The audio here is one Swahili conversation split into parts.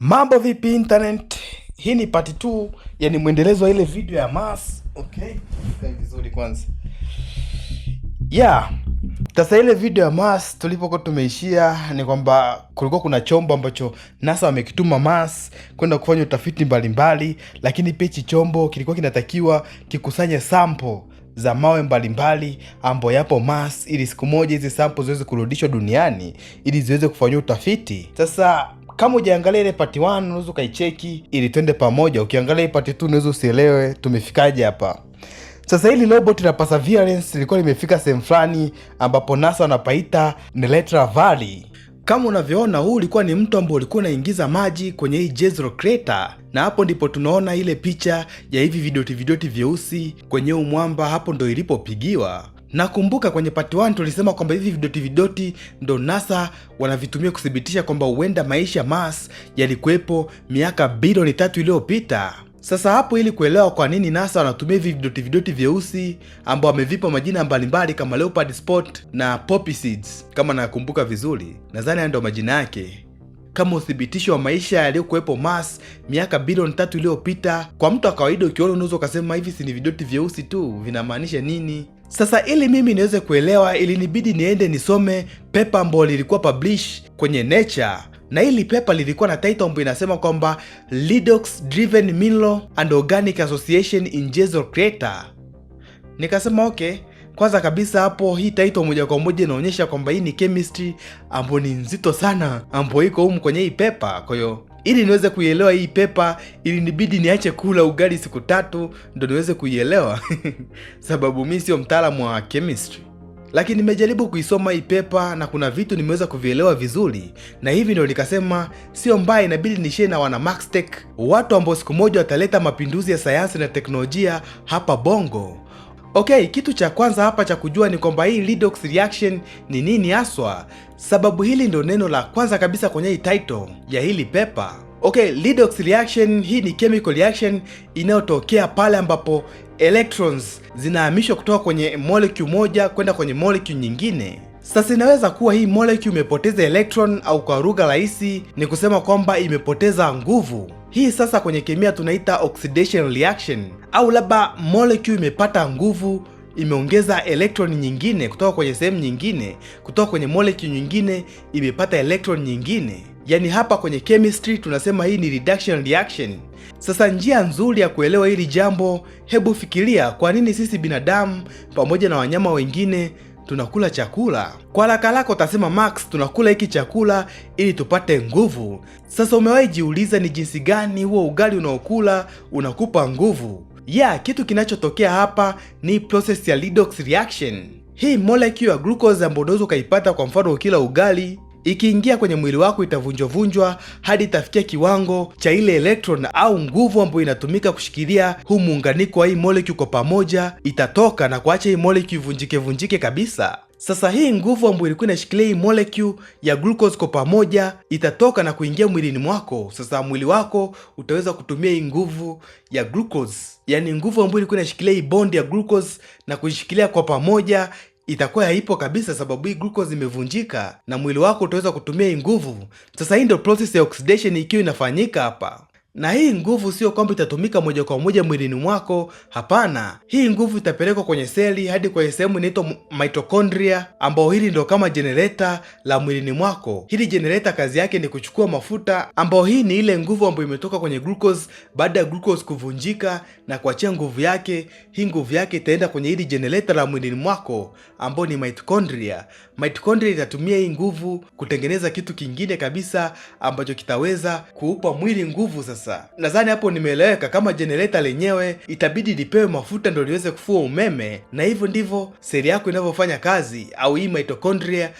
Mambo vipi internet? Hii ni part 2, yani mwendelezo wa ile video ya mass. Okay, sasa vizuri kwanza. Yeah. Sasa ile video ya Mars tulipokuwa tumeishia ni kwamba kulikuwa kuna chombo ambacho NASA wamekituma Mars kwenda kufanya utafiti mbalimbali mbali, lakini pia hichi chombo kilikuwa kinatakiwa kikusanye sample za mawe mbalimbali ambayo yapo Mars ili siku moja hizi sample ziweze kurudishwa duniani ili ziweze kufanyiwa utafiti. Sasa kama ujaangalia ile part 1 unaweza ukaicheki ili twende pamoja. Ukiangalia ile part 2 unaweza usielewe tumefikaje hapa. Sasa hili robot la Perseverance lilikuwa limefika sehemu fulani ambapo NASA wanapaita Neletra Valley. Kama unavyoona, huu ulikuwa ni mto ambao ulikuwa unaingiza maji kwenye hii Jezero Crater, na hapo ndipo tunaona ile picha ya hivi vidoti vidoti vyeusi kwenye umwamba, hapo ndo ilipopigiwa. Nakumbuka kwenye part 1 tulisema kwamba hivi vidoti vidoti ndo NASA wanavitumia kuthibitisha kwamba huenda maisha Mars yalikuwepo miaka bilioni tatu iliyopita. Sasa hapo, ili kuelewa kwa nini NASA wanatumia hivi vidoti vidoti vyeusi ambao wamevipa majina mbalimbali kama leopard spot na poppy seeds, kama nakumbuka vizuri, nadhani ayo ndo majina yake kama uthibitisho wa maisha yaliyokuwepo Mars miaka bilioni tatu iliyopita. Kwa mtu wa kawaida ukiona unaweza ukasema hivi si ni vidoti vyeusi tu, vinamaanisha nini? Sasa ili mimi niweze kuelewa, ilinibidi niende nisome pepa ambayo lilikuwa publish kwenye Nature na hili pepa lilikuwa na title ambayo inasema kwamba Redox Driven Mineral and Organic Association in Jesel Crater. Nikasema okay, kwanza kabisa hapo hii title moja kwa moja inaonyesha kwamba hii ni chemistry ambayo ni nzito sana ambayo iko humu kwenye hii pepa, kwa hiyo ili niweze kuielewa hii pepa, ili nibidi niache kula ugali siku tatu ndo niweze kuielewa sababu mi sio mtaalamu wa chemistry, lakini nimejaribu kuisoma hii pepa na kuna vitu nimeweza kuvielewa vizuri, na hivi ndio nikasema sio mbaya, inabidi nishie na wana Maxtech, watu ambao siku moja wataleta mapinduzi ya sayansi na teknolojia hapa Bongo. Ok, kitu cha kwanza hapa cha kujua ni kwamba hii redox reaction ni nini haswa. Sababu hili ndio neno la kwanza kabisa kwenye hii title ya hili pepa. Okay, redox reaction hii ni chemical reaction inayotokea pale ambapo electrons zinahamishwa kutoka kwenye molecule moja kwenda kwenye molecule nyingine. Sasa inaweza kuwa hii molecule imepoteza electron au kwa lugha rahisi ni kusema kwamba imepoteza nguvu. Hii sasa kwenye kemia tunaita oxidation reaction, au labda molecule imepata nguvu imeongeza electron nyingine kutoka kwenye sehemu nyingine, kutoka kwenye molecule nyingine, imepata electron nyingine. Yaani hapa kwenye chemistry tunasema hii ni reduction reaction. Sasa njia nzuri ya kuelewa hili jambo, hebu fikiria kwa nini sisi binadamu pamoja na wanyama wengine tunakula chakula. Kwa haraka lako utasema Max, tunakula hiki chakula ili tupate nguvu. Sasa umewahi jiuliza ni jinsi gani huo ugali unaokula unakupa nguvu? Yeah, kitu kinachotokea hapa ni process ya redox reaction. Hii molecule ya glucose ambayo unaweza ukaipata kwa mfano ukila ugali ikiingia kwenye mwili wako itavunjwavunjwa hadi itafikia kiwango cha ile electron au nguvu ambayo inatumika kushikilia huu muunganiko wa hii molecule kwa pamoja, itatoka na kuacha hii molecule ivunjike vunjike kabisa. Sasa hii nguvu ambayo ilikuwa inashikilia hii molecule ya glucose kwa pamoja itatoka na kuingia mwilini mwako. Sasa mwili wako utaweza kutumia hii nguvu ya glucose, yaani nguvu ambayo ilikuwa inashikilia hii bond ya glucose na kuishikilia kwa pamoja itakuwa haipo kabisa, sababu hii glucose imevunjika na mwili wako utaweza kutumia hii nguvu. Sasa hii ndio process ya oxidation ikiwa inafanyika hapa na hii nguvu sio kwamba itatumika moja kwa moja mwilini mwako. Hapana, hii nguvu itapelekwa kwenye seli hadi kwenye sehemu inaitwa mitochondria, ambao hili ndio kama jenereta la mwilini mwako. Hili jenereta kazi yake ni kuchukua mafuta, ambao hii ni ile nguvu ambayo imetoka kwenye glucose baada ya glucose kuvunjika na kuachia nguvu yake. Hii nguvu yake itaenda kwenye hili jenereta la mwilini mwako ambao ni mitochondria. Mitochondria itatumia hii nguvu kutengeneza kitu kingine kabisa ambacho kitaweza kuupa mwili nguvu sasa sasa. Nadhani hapo nimeeleweka, kama jenereta lenyewe itabidi lipewe mafuta ndo liweze kufua umeme, na hivyo ndivyo seli yako inavyofanya kazi, au hii mitochondria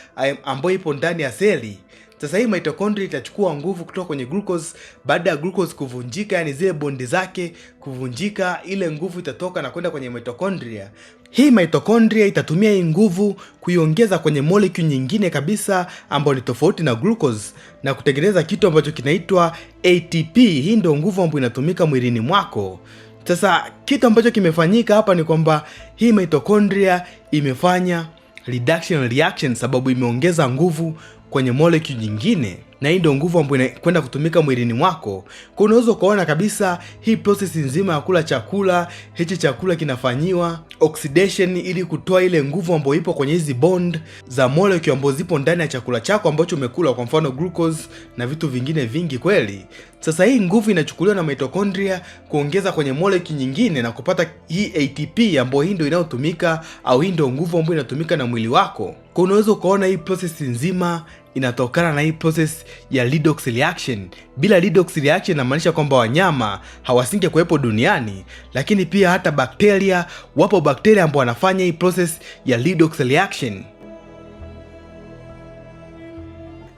ambayo ipo ndani ya seli sasa hii mitochondria itachukua nguvu kutoka kwenye glucose. Baada ya glucose kuvunjika, yani zile bondi zake kuvunjika, ile nguvu itatoka na kwenda kwenye mitochondria. Hii mitochondria itatumia hii nguvu kuiongeza kwenye molecule nyingine kabisa ambayo ni tofauti na glucose na kutengeneza kitu ambacho kinaitwa ATP. Hii ndio nguvu ambayo inatumika mwilini mwako. Sasa kitu ambacho kimefanyika hapa ni kwamba hii mitochondria imefanya reduction reaction, sababu imeongeza nguvu kwenye molecule nyingine, na hii ndio nguvu ambayo inakwenda kutumika mwilini mwako. Kwa unaweza ukaona kabisa hii process nzima ya kula chakula, hichi chakula kinafanyiwa oxidation ili kutoa ile nguvu ambayo ipo kwenye hizi bond za molecule ambazo zipo ndani ya chakula chako ambacho umekula, kwa mfano glucose na vitu vingine vingi kweli. Sasa hii nguvu inachukuliwa na mitokondria kuongeza kwenye moleki nyingine na kupata hii ATP ambayo hii ndio inayotumika au hii ndio nguvu ambayo inatumika na mwili wako. Kwa unaweza ukaona hii process nzima inatokana na hii process ya redox reaction. Bila redox reaction inamaanisha kwamba wanyama hawasinge kuwepo duniani, lakini pia hata bakteria, wapo bakteria ambao wanafanya hii process ya redox reaction.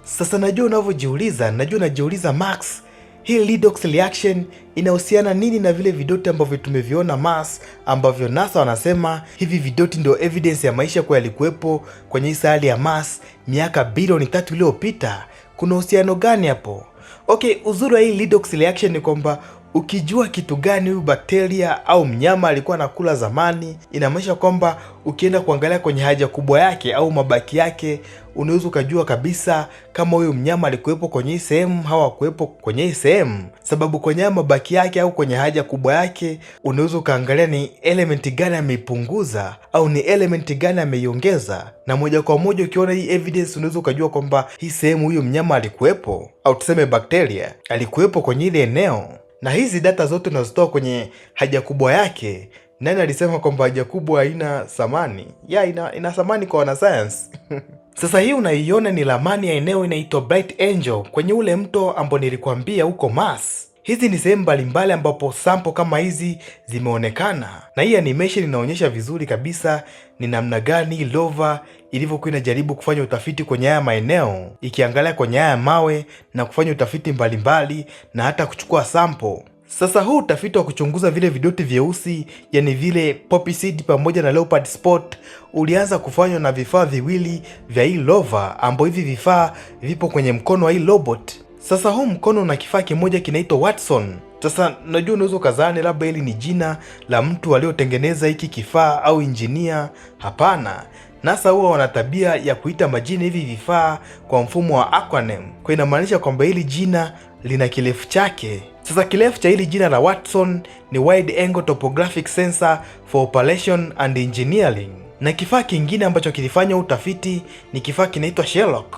Sasa najua unavyojiuliza, najua unajiuliza Max hii redox reaction inahusiana nini na vile vidoti ambavyo tumeviona Mars, ambavyo NASA wanasema hivi vidoti ndio evidence ya maisha kwa yalikuwepo kwenye hii sayari ya Mars miaka bilioni tatu iliyopita? Kuna uhusiano gani hapo? Okay, uzuri wa hii redox reaction ni kwamba ukijua kitu gani huyu bakteria au mnyama alikuwa anakula zamani, inamaanisha kwamba ukienda kuangalia kwenye haja kubwa yake au mabaki yake unaweza ukajua kabisa kama huyo mnyama alikuwepo kwenye hii sehemu au hakuwepo kwenye hii sehemu, sababu kwenye haya mabaki yake au kwenye haja kubwa yake unaweza ukaangalia ni element gani ameipunguza au ni element gani ameiongeza, na moja kwa moja ukiona hii evidence unaweza ukajua kwamba hii sehemu huyo mnyama alikuwepo au tuseme bakteria alikuwepo kwenye ile eneo. Na hizi data zote unazitoa kwenye haja kubwa yake. Nani alisema kwamba haja kubwa haina thamani? Ya, ina, ina thamani kwa wanasayansi Sasa hii unaiona ni ramani ya eneo inaitwa Bright Angel kwenye ule mto ambao nilikwambia huko Mars. Hizi ni sehemu mbalimbali ambapo sampo kama hizi zimeonekana, na hii animation inaonyesha vizuri kabisa ni namna gani lova ilivyokuwa inajaribu kufanya utafiti kwenye haya maeneo, ikiangalia kwenye haya mawe na kufanya utafiti mbalimbali mbali, na hata kuchukua sampo. Sasa huu utafiti wa kuchunguza vile vidoti vyeusi yani vile poppy seed pamoja na leopard spot ulianza kufanywa na vifaa viwili vya hii rover, ambapo hivi vifaa vipo kwenye mkono wa hii robot. Sasa huu mkono una kifaa kimoja kinaitwa Watson. Sasa najua unaweza ukazani labda hili ni jina la mtu aliyotengeneza hiki kifaa au injinia. Hapana, NASA huwa wana tabia ya kuita majina hivi vifaa kwa mfumo wa acronym, kwa inamaanisha kwamba hili jina lina kirefu chake. Sasa kirefu cha hili jina la Watson ni Wide Angle Topographic Sensor for Operation and Engineering. Na kifaa kingine ambacho kilifanya utafiti ni kifaa kinaitwa Sherlock.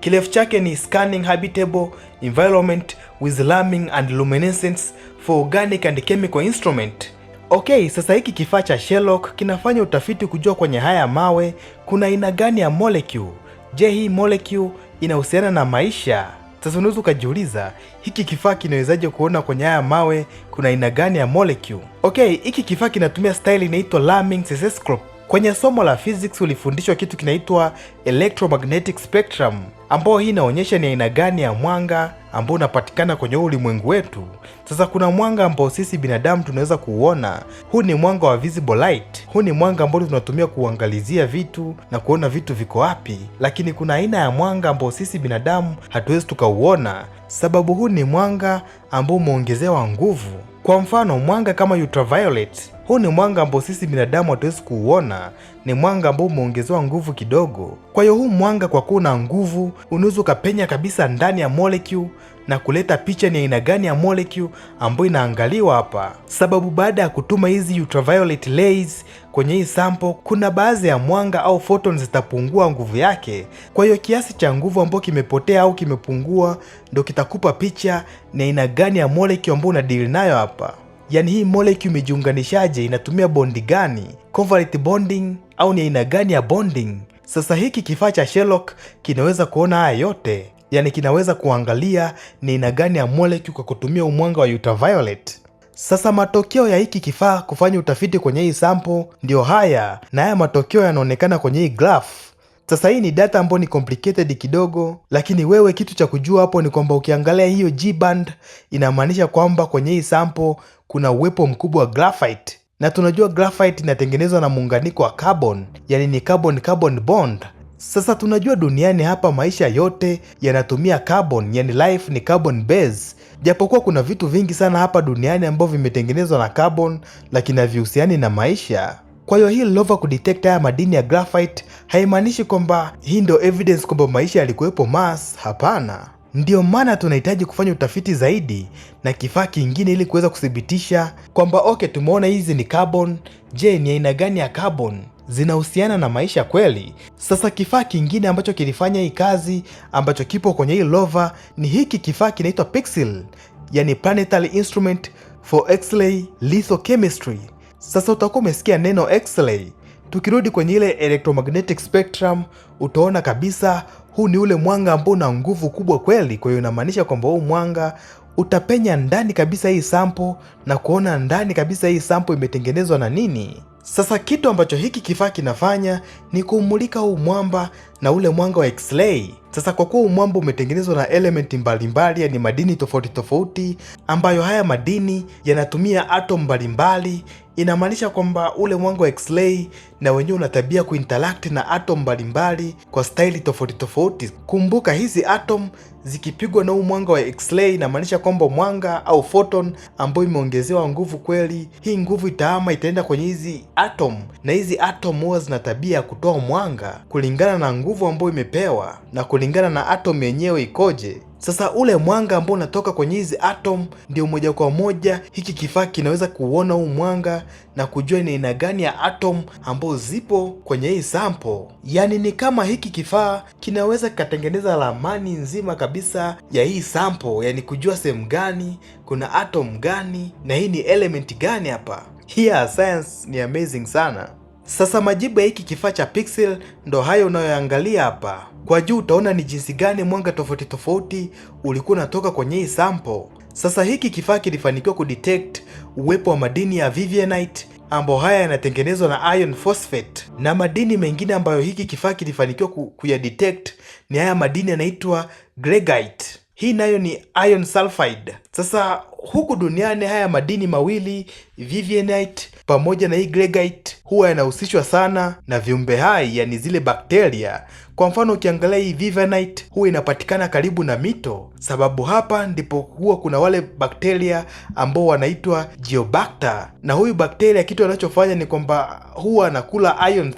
Kirefu chake ni Scanning Habitable Environment with Lambing and Luminescence for Organic and Chemical Instrument. Okay, sasa hiki kifaa cha Sherlock kinafanya utafiti kujua kwenye haya mawe kuna aina gani ya molecule. Je, hii molecule inahusiana na maisha? Sasa unaweza ukajiuliza hiki kifaa kinawezaje kuona kwenye haya mawe kuna aina gani ya molecule? Okay, hiki kifaa kinatumia style inaitwa Lamming Sesoscope Kwenye somo la physics ulifundishwa kitu kinaitwa electromagnetic spectrum, ambayo hii inaonyesha ni aina gani ya mwanga ambao unapatikana kwenye ulimwengu wetu. Sasa kuna mwanga ambao sisi binadamu tunaweza kuuona, huu ni mwanga wa visible light. Huu ni mwanga ambao tunatumia kuangalizia vitu na kuona vitu viko wapi, lakini kuna aina ya mwanga ambao sisi binadamu hatuwezi tukauona, sababu huu ni mwanga ambao umeongezewa nguvu kwa mfano mwanga kama ultraviolet, huu ni mwanga ambao sisi binadamu hatuwezi kuuona, ni mwanga ambao umeongezewa nguvu kidogo. Kwa hiyo huu mwanga kwa kuwa na nguvu, unaweza ukapenya kabisa ndani ya molecule na kuleta picha ni aina gani ya molecule ambayo inaangaliwa hapa, sababu baada ya kutuma hizi ultraviolet rays kwenye hii sample, kuna baadhi ya mwanga au photons zitapungua nguvu yake. Kwa hiyo kiasi cha nguvu ambayo kimepotea au kimepungua ndo kitakupa picha ni aina gani ya molecule ambayo unadeal nayo hapa. Yaani hii molecule imejiunganishaje, inatumia bondi gani, covalent bonding au ni aina gani ya bonding? Sasa hiki kifaa cha Sherlock kinaweza kuona haya yote yani kinaweza kuangalia ni aina gani ya molecule kwa kutumia umwanga wa ultraviolet. Sasa matokeo ya hiki kifaa kufanya utafiti kwenye hii sample ndiyo haya, na haya matokeo yanaonekana kwenye hii graph. Sasa hii ni data ambayo ni complicated kidogo, lakini wewe kitu cha kujua hapo ni kwamba ukiangalia hiyo G band inamaanisha kwamba kwenye hii sample kuna uwepo mkubwa wa graphite, na tunajua graphite inatengenezwa na muunganiko wa carbon, yani ni carbon carbon bond sasa tunajua duniani hapa maisha yote yanatumia carbon, yani life ni carbon base. Japokuwa kuna vitu vingi sana hapa duniani ambavyo vimetengenezwa na carbon, lakini havihusiani na maisha. Kwa hiyo hii lova kudetect haya madini ya graphite haimaanishi kwamba hii ndio evidence kwamba maisha yalikuwepo Mars. Hapana, ndiyo maana tunahitaji kufanya utafiti zaidi na kifaa kingine ili kuweza kuthibitisha kwamba okay, tumeona hizi ni carbon. Je, ni aina gani ya carbon? zinahusiana na maisha kweli. Sasa kifaa kingine ambacho kilifanya hii kazi ambacho kipo kwenye hii rover ni hiki kifaa kinaitwa Pixel, yani Planetary Instrument for X-ray Lithochemistry. Sasa utakuwa umesikia neno X-ray. Tukirudi kwenye ile electromagnetic spectrum, utaona kabisa huu ni ule mwanga ambao una nguvu kubwa kweli. Kwa hiyo inamaanisha kwamba huu mwanga utapenya ndani kabisa hii sampo na kuona ndani kabisa hii sampo imetengenezwa na nini. Sasa kitu ambacho hiki kifaa kinafanya ni kumulika huu mwamba na ule mwanga wa X-ray. Sasa kwa kuwa umwamba umetengenezwa na elementi mbalimbali, yani madini tofauti tofauti, ambayo haya madini yanatumia atom mbalimbali, inamaanisha kwamba ule mwanga wa X-ray na wenyewe una tabia kuinteract na atom mbalimbali kwa staili tofauti tofauti. Kumbuka hizi atom zikipigwa na huu mwanga wa X-ray, inamaanisha kwamba mwanga au photon ambayo imeongezewa nguvu kweli, hii nguvu itaama itaenda kwenye hizi atom, na hizi atom huwa zina tabia ya kutoa mwanga kulingana na nguvu ambayo imepewa na kulingana na atom yenyewe ikoje. Sasa ule mwanga ambao unatoka kwenye hizi atom ndio moja kwa moja hiki kifaa kinaweza kuuona huu mwanga na kujua ni aina gani ya atom ambao zipo kwenye hii sample. Yaani ni kama hiki kifaa kinaweza kikatengeneza ramani nzima kabisa ya hii sample, yaani kujua sehemu gani kuna atom gani na hii ni element gani hapa. Hii science ni amazing sana. Sasa majibu ya hiki kifaa cha pixel ndo hayo unayoangalia hapa. Kwa juu utaona ni jinsi gani mwanga tofauti tofauti ulikuwa unatoka kwenye hii sample. Sasa hiki kifaa kilifanikiwa kudetect uwepo wa madini ya vivianite ambayo haya yanatengenezwa na iron phosphate, na madini mengine ambayo hiki kifaa kilifanikiwa kuyadetect ni haya madini yanaitwa gregite. Hii nayo ni iron sulfide. Sasa huku duniani haya madini mawili vivianite pamoja na hii gregite huwa yanahusishwa sana na viumbe hai, yani zile bakteria. Kwa mfano ukiangalia hii vivianite huwa inapatikana karibu na mito, sababu hapa ndipo huwa kuna wale bakteria ambao wanaitwa geobacter, na huyu bakteria kitu anachofanya ni kwamba huwa anakula iron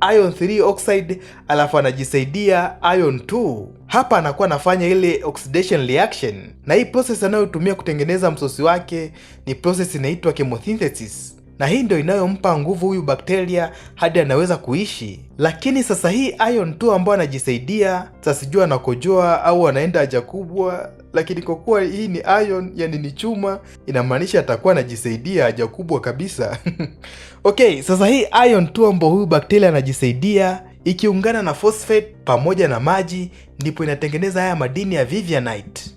ion 3 oxide alafu anajisaidia ion 2. Hapa anakuwa anafanya ile oxidation reaction, na hii process anayotumia kutengeneza msosi wake ni process inaitwa chemosynthesis na hii ndio inayompa nguvu huyu bakteria hadi anaweza kuishi. Lakini sasa hii iron tu ambayo anajisaidia sasijua anakojoa au anaenda haja kubwa, lakini kwa kuwa hii ni iron, yani ni chuma, inamaanisha atakuwa anajisaidia haja kubwa kabisa okay, sasa hii iron tu ambayo huyu bakteria anajisaidia ikiungana na phosphate pamoja na maji ndipo inatengeneza haya madini ya vivianite.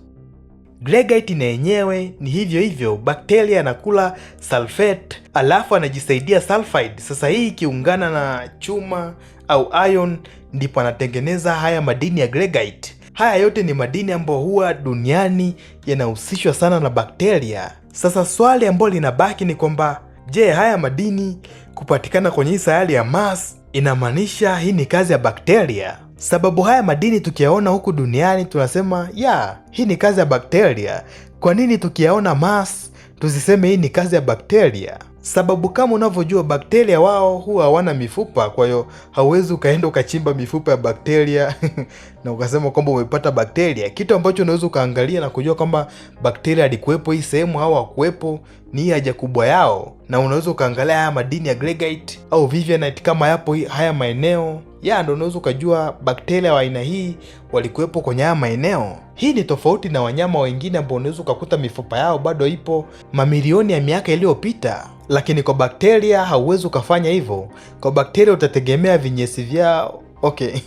Gregite na yenyewe ni hivyo hivyo, bakteria anakula sulfate alafu anajisaidia sulfide. Sasa hii ikiungana na chuma au iron, ndipo anatengeneza haya madini ya gregite. Haya yote ni madini ambayo huwa duniani yanahusishwa sana na bakteria. Sasa swali ambalo linabaki ni kwamba je, haya madini kupatikana kwenye hii sayari ya Mars inamaanisha hii ni kazi ya bakteria? Sababu haya madini tukiyaona huku duniani tunasema ya hii ni kazi ya bakteria. Kwa nini tukiyaona Mars tusiseme hii ni kazi ya bakteria? Sababu kama unavyojua bakteria wao huwa hawana mifupa, kwa hiyo hauwezi ukaenda ukachimba mifupa ya bakteria na ukasema kwamba umepata bakteria. Kitu ambacho unaweza ukaangalia na kujua kwamba bakteria alikuwepo hii sehemu au hakuwepo ni hii haja kubwa yao, na unaweza ukaangalia haya madini ya greigite au vivianite kama yapo haya maeneo ya ndo unaweza ukajua bakteria wa aina hii walikuwepo kwenye haya maeneo. Hii ni tofauti na wanyama wengine ambao unaweza ukakuta mifupa yao bado ipo mamilioni ya miaka iliyopita, lakini kwa bakteria hauwezi ukafanya hivyo. Kwa bakteria utategemea vinyesi vyao Okay,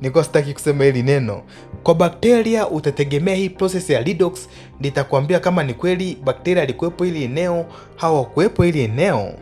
Nikuwa sitaki kusema hili neno. Kwa bakteria utategemea hii process ya redox. Nitakwambia kama ni kweli bakteria alikuwepo hili eneo, hawakuwepo hili eneo.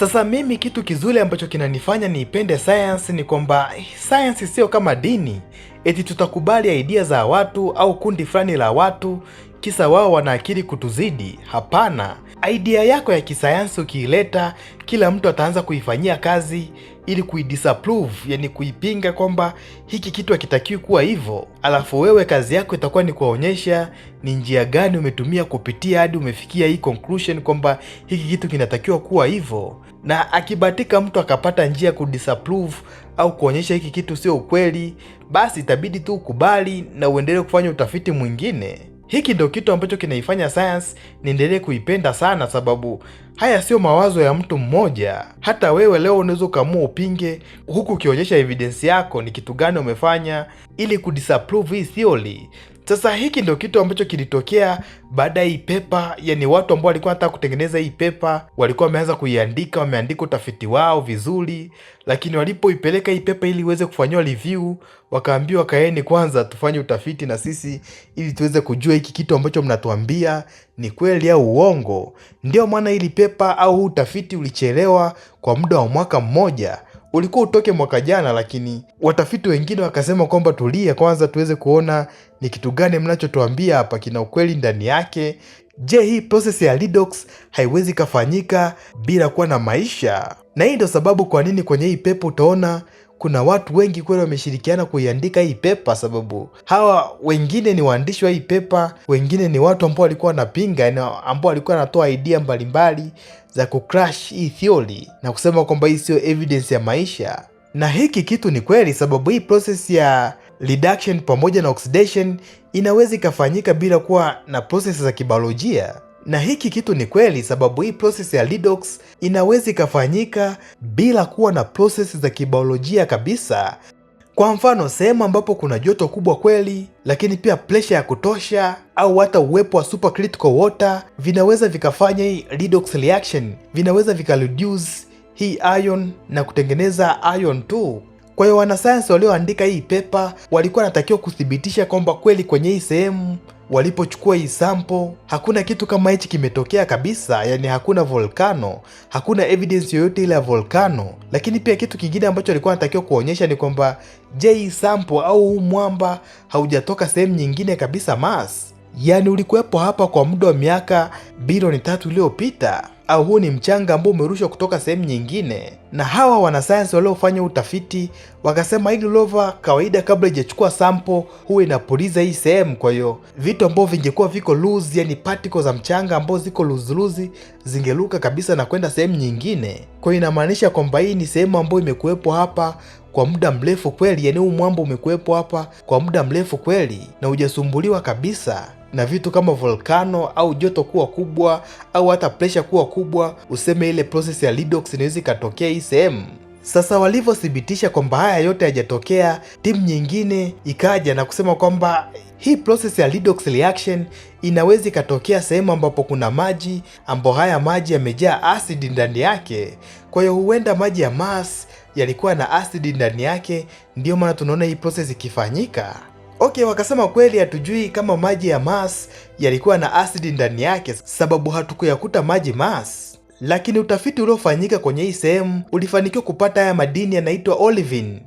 Sasa mimi kitu kizuri ambacho kinanifanya niipende science ni kwamba science sio kama dini, eti tutakubali idea za watu au kundi fulani la watu kisa wao wana akili kutuzidi. Hapana, idea yako ya kisayansi ukiileta, kila mtu ataanza kuifanyia kazi ili kuidisapprove, yani kuipinga kwamba hiki kitu hakitakiwi kuwa hivyo, alafu wewe kazi yako itakuwa ni kuwaonyesha ni njia gani umetumia kupitia hadi umefikia hii conclusion kwamba hiki kitu kinatakiwa kuwa hivyo. Na akibatika mtu akapata njia kudisapprove au kuonyesha hiki kitu sio ukweli, basi itabidi tu ukubali na uendelee kufanya utafiti mwingine. Hiki ndio kitu ambacho kinaifanya sayansi niendelee kuipenda sana, sababu haya sio mawazo ya mtu mmoja. Hata wewe leo unaweza ukaamua upinge, huku ukionyesha evidensi yako ni kitu gani umefanya ili kudisapprove hii theory. Sasa hiki ndio kitu ambacho kilitokea baada ya hii pepa, yani watu ambao walikuwa wanataka kutengeneza hii pepa walikuwa wameanza kuiandika, wameandika utafiti wao vizuri, lakini walipoipeleka hii pepa ili iweze kufanyiwa review, wakaambiwa kaeni kwanza tufanye utafiti na sisi ili tuweze kujua hiki kitu ambacho mnatuambia ni kweli au uongo. Ndio maana ili pepa au utafiti ulichelewa kwa muda wa mwaka mmoja ulikuwa utoke mwaka jana, lakini watafiti wengine wakasema kwamba tulia kwanza tuweze kuona ni kitu gani mnachotuambia hapa kina ukweli ndani yake. Je, hii prosesi ya redox haiwezi kafanyika bila kuwa na maisha? Na hii ndio sababu kwa nini kwenye hii pepo utaona kuna watu wengi kweli wameshirikiana kuiandika hii pepa, sababu hawa wengine ni waandishi wa hii pepa, wengine ni watu ambao walikuwa wanapinga, ambao walikuwa wanatoa idea mbalimbali za kucrash hii theory na kusema kwamba hii sio evidence ya maisha. Na hiki kitu ni kweli, sababu hii process ya reduction pamoja na oxidation inaweza ikafanyika bila kuwa na process za kibiolojia na hiki kitu ni kweli, sababu hii process ya redox inaweza ikafanyika bila kuwa na process za kibiolojia kabisa. Kwa mfano, sehemu ambapo kuna joto kubwa kweli, lakini pia presha ya kutosha au hata uwepo wa supercritical water vinaweza vikafanya hii redox reaction, vinaweza vikareduce hii ion na kutengeneza ion 2. Kwa hiyo wanasayansi walioandika hii pepa walikuwa wanatakiwa kuthibitisha kwamba kweli kwenye hii sehemu walipochukua hii hakuna kitu kama hichi kimetokea kabisa, yani hakuna volcano, hakuna evidence yoyote ile ya volcano. Lakini pia kitu kingine ambacho alikuwa anatakiwa kuonyesha ni kwamba je, hii au huu mwamba haujatoka sehemu nyingine kabisa Mars, yani ulikuwepo hapa kwa muda wa miaka bilioni tatu iliyopita au huu ni mchanga ambao umerushwa kutoka sehemu nyingine? Na hawa wanasayansi waliofanya utafiti wakasema hili lova kawaida, kabla ijachukua sampo, huwa inapuliza hii sehemu. Kwa hiyo vitu ambavyo vingekuwa viko loose, yani particles za mchanga ambao ziko loose loose, zingeluka kabisa na kwenda sehemu nyingine. Kwa hiyo inamaanisha kwamba hii ni sehemu ambayo imekuwepo hapa kwa muda mrefu kweli, yani huu mwamba umekuwepo hapa kwa muda mrefu kweli na hujasumbuliwa kabisa na vitu kama volkano au joto kuwa kubwa au hata presha kuwa kubwa, useme ile process ya redox inaweza ikatokea hii sehemu. Sasa walivyothibitisha kwamba haya yote hayajatokea, timu nyingine ikaja na kusema kwamba hii process ya redox reaction inaweza ikatokea sehemu ambapo kuna maji ambao haya maji yamejaa asidi ndani yake. Kwa hiyo huenda maji ya Mars yalikuwa na asidi ndani yake, ndiyo maana tunaona hii process ikifanyika. Okay, wakasema kweli hatujui kama maji ya Mars yalikuwa na asidi ndani yake, sababu hatukuyakuta maji Mars, lakini utafiti uliofanyika kwenye hii sehemu ulifanikiwa kupata haya madini yanaitwa olivine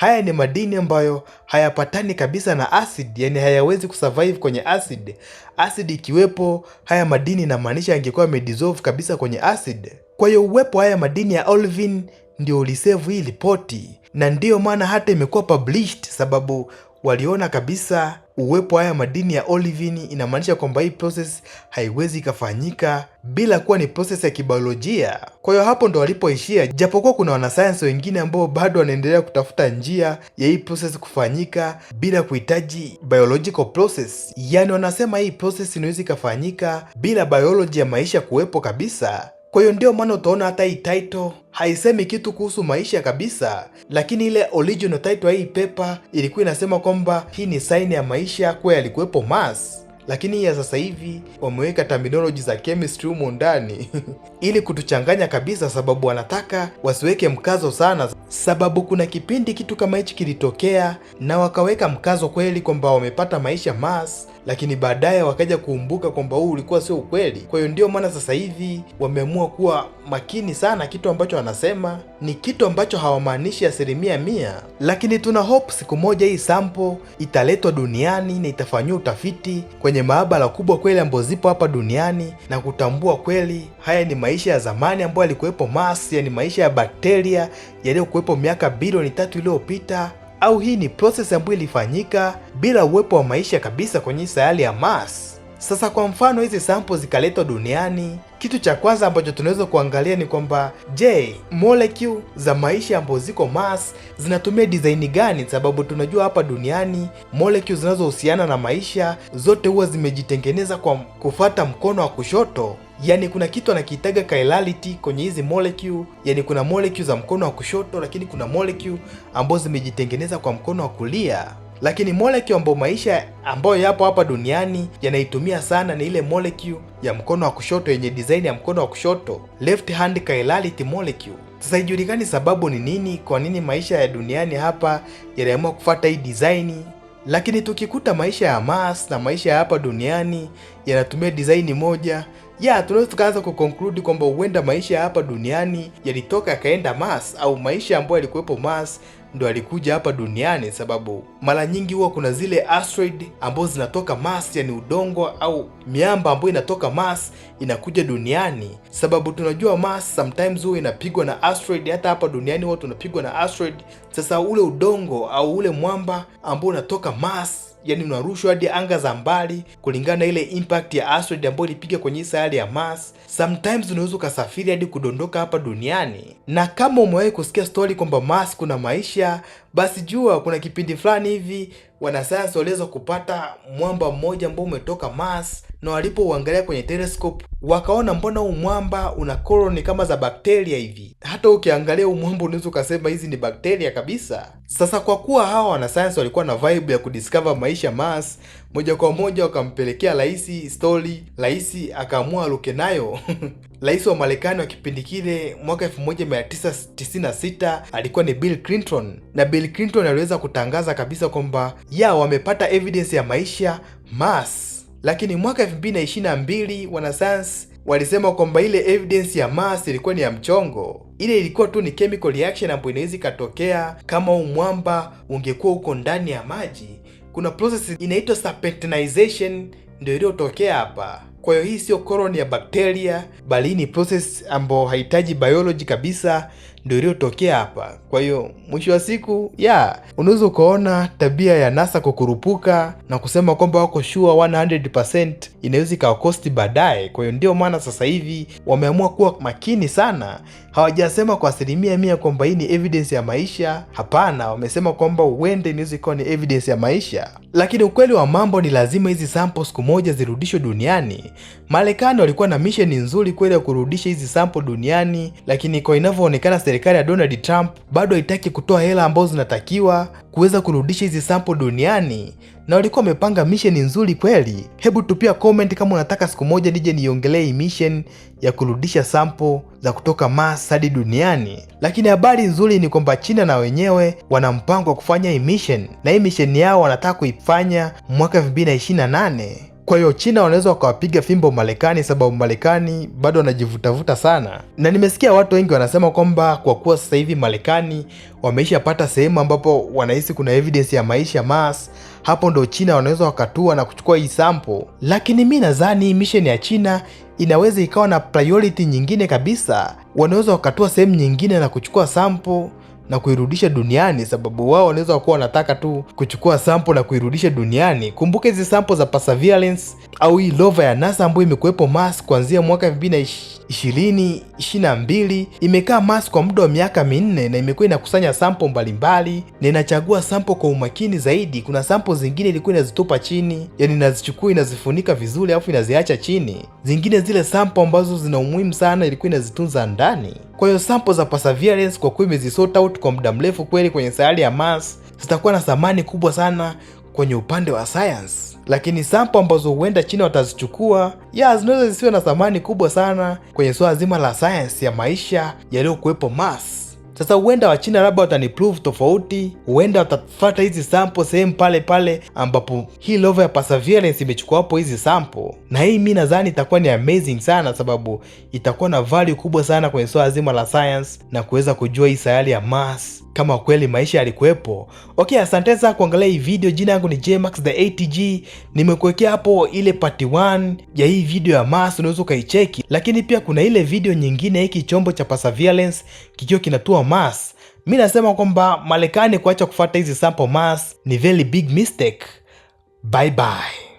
Haya ni madini ambayo hayapatani kabisa na acid, yani hayawezi kusurvive kwenye acid. Acid ikiwepo haya madini inamaanisha yangekuwa amedissolve kabisa kwenye acid. Kwa hiyo uwepo haya madini ya olivine ndio ulisave hii ripoti, na ndiyo maana hata imekuwa published, sababu waliona kabisa uwepo haya madini ya olivini inamaanisha kwamba hii process haiwezi ikafanyika bila kuwa ni process ya kibiolojia. Kwa hiyo hapo ndo walipoishia, japokuwa kuna wanasayansi wengine ambao bado wanaendelea kutafuta njia ya hii process kufanyika bila kuhitaji biological process. Yani wanasema hii process inaweza ikafanyika bila biology ya maisha kuwepo kabisa. Kwa hiyo ndio maana utaona hata hii title haisemi kitu kuhusu maisha kabisa, lakini ile original title ya hii paper ilikuwa inasema kwamba hii ni saini ya maisha kuwa yalikuwepo Mars lakini ya sasa hivi wameweka terminology za chemistry humo ndani ili kutuchanganya kabisa, sababu wanataka wasiweke mkazo sana, sababu kuna kipindi kitu kama hichi kilitokea na wakaweka mkazo kweli kwamba wamepata maisha Mars, lakini baadaye wakaja kuumbuka kwamba huu ulikuwa sio ukweli. Kwa hiyo ndio maana sasa hivi wameamua kuwa makini sana, kitu ambacho wanasema ni kitu ambacho hawamaanishi asilimia mia, lakini tuna hope siku moja hii sample italetwa duniani na itafanyiwa utafiti kwenye maabara kubwa kweli ambayo zipo hapa duniani na kutambua kweli haya ni maisha ya zamani ambayo yalikuwepo Mars, yani maisha ya bakteria yaliyokuwepo miaka bilioni tatu iliyopita au hii ni process ambayo ilifanyika bila uwepo wa maisha kabisa kwenye sayari ya Mars? Sasa kwa mfano hizi sample zikaletwa duniani, kitu cha kwanza ambacho tunaweza kuangalia ni kwamba je, molecule za maisha ambazo ziko Mars zinatumia design gani? Sababu tunajua hapa duniani molecule zinazohusiana na maisha zote huwa zimejitengeneza kwa kufata mkono wa kushoto yani kuna kitu anakiitaga chirality kwenye hizi molecule, yani kuna molecule za mkono wa kushoto, lakini kuna molecule ambazo zimejitengeneza kwa mkono wa kulia lakini molecule ambayo maisha ambayo yapo hapa duniani yanaitumia sana ni ile molecule ya mkono wa kushoto yenye design ya mkono wa kushoto, left hand chirality molecule. Sasa ijulikani sababu ni nini, kwa nini maisha ya duniani hapa yanaamua kufuata hii design, lakini tukikuta maisha ya Mars na maisha ya hapa duniani yanatumia design moja, ya tunaweza tukaanza kuconclude kwamba huenda maisha hapa duniani yalitoka yakaenda Mars au maisha ambayo yalikuwepo Mars ndo alikuja hapa duniani, sababu mara nyingi huwa kuna zile asteroid ambazo zinatoka Mars, yani udongo au miamba ambayo inatoka Mars inakuja duniani, sababu tunajua Mars sometimes huwa inapigwa na asteroid. Hata hapa duniani huwa tunapigwa na asteroid. Sasa ule udongo au ule mwamba ambao unatoka Mars yani unarushwa hadi anga za mbali kulingana na ile impact ya asteroid ambayo ilipiga kwenye sayari ya Mars. Sometimes unaweza ukasafiri hadi kudondoka hapa duniani, na kama umewahi kusikia stori kwamba Mars kuna maisha, basi jua kuna kipindi fulani hivi wanasayansi waliweza kupata mwamba mmoja ambao umetoka Mars na walipouangalia kwenye telescope wakaona mbona huu mwamba una koloni kama za bakteria hivi. Hata ukiangalia huu mwamba unaweza ukasema hizi ni bakteria kabisa. Sasa kwa kuwa hawa wanasayansi walikuwa na vibe ya kudiscover maisha Mars, moja kwa moja wakampelekea rais stori, rais akaamua aruke nayo. Rais wa Marekani wa kipindi kile mwaka 1996 alikuwa ni Bill Clinton, na Bill Clinton aliweza kutangaza kabisa kwamba ya wamepata evidence ya maisha Mars. Lakini mwaka 2022 wanasayansi walisema kwamba ile evidence ya Mars ilikuwa ni ya mchongo. Ile ilikuwa tu ni chemical reaction ambayo inaweza ikatokea kama umwamba ungekuwa uko ndani ya maji. Kuna process inaitwa serpentinization ndio iliyotokea hapa. Kwa hiyo hii sio colony ya bakteria, bali ni process ambayo haihitaji biology kabisa, ndio iliyotokea hapa. Kwa hiyo mwisho wa siku ya unaweza ukaona tabia ya NASA kukurupuka na kusema kwamba wako sure 100% inaweza ikawakosti baadaye. Kwa hiyo ndio maana sasa hivi wameamua kuwa makini sana. Hawajasema kwa asilimia mia kwamba hii ni evidence ya maisha, hapana. Wamesema kwamba uende inaweza ikawa ni evidence ya maisha, lakini ukweli wa mambo ni lazima hizi sample siku moja zirudishwe duniani. Marekani walikuwa na misheni nzuri kweli ya kurudisha hizi sample duniani, lakini kwa inavyoonekana serikali ya Donald Trump bado haitaki kutoa hela ambazo zinatakiwa kuweza kurudisha hizi sample duniani, na walikuwa wamepanga misheni nzuri kweli. Hebu tupia comment kama unataka siku moja nije niongelee hii ya kurudisha sample za kutoka Mars hadi duniani. Lakini habari nzuri ni kwamba China na wenyewe wana mpango wa kufanya hii na hii misheni yao wanataka kuifanya mwaka 2028. Kwa hiyo China wanaweza wakawapiga fimbo Marekani, sababu Marekani bado wanajivutavuta sana, na nimesikia watu wengi wanasema kwamba kwa kuwa sasa hivi Marekani wameishapata sehemu ambapo wanahisi kuna evidence ya maisha Mars, hapo ndo China wanaweza wakatua na kuchukua hii sample. Lakini mi nadhani mission ya China inaweza ikawa na priority nyingine kabisa, wanaweza wakatua sehemu nyingine na kuchukua sample na kuirudisha duniani, sababu wao wanaweza kuwa wanataka tu kuchukua sample na kuirudisha duniani. Kumbuka hizi sample za Perseverance au hii lova ya NASA ambayo imekuwepo Mars kuanzia mwaka 2022 imekaa mas kwa muda wa miaka minne na imekuwa inakusanya sampo mbalimbali na inachagua sampo kwa umakini zaidi. Kuna sampo zingine ilikuwa inazitupa chini, yani inazichukua inazifunika vizuri, alafu inaziacha chini. Zingine zile sampo ambazo zina umuhimu sana ilikuwa inazitunza ndani. Kwa hiyo sampo za Perseverance kwa kuwa imezisort out kwa muda mrefu kweli kwenye sayari ya mas zitakuwa na thamani kubwa sana kwenye upande wa science lakini sampo ambazo huenda China watazichukua ya zinaweza zisiwe na thamani kubwa sana kwenye suala zima la sayansi ya maisha yaliyokuwepo Mars. Sasa huenda Wachina labda wataniprove tofauti, huenda watafata hizi sampo sehemu pale pale ambapo hii rover ya Perseverance imechukua hapo hizi sampo, na hii mi nadhani itakuwa ni amazing sana, sababu itakuwa na value kubwa sana kwenye swala zima la science na kuweza kujua hii sayari ya Mars kama kweli maisha yalikuwepo. Okay, asante sana kuangalia hii video. Jina yangu ni Jmax the ATG, nimekuwekea hapo ile part 1 ya hii video ya Mars, unaweza ukaicheki, lakini pia kuna ile video nyingine, hiki chombo cha Perseverance kikiwa kinatua Mars. Mi nasema kwamba Marekani kuacha kufuata hizi sample Mars ni very big mistake. Bye bye.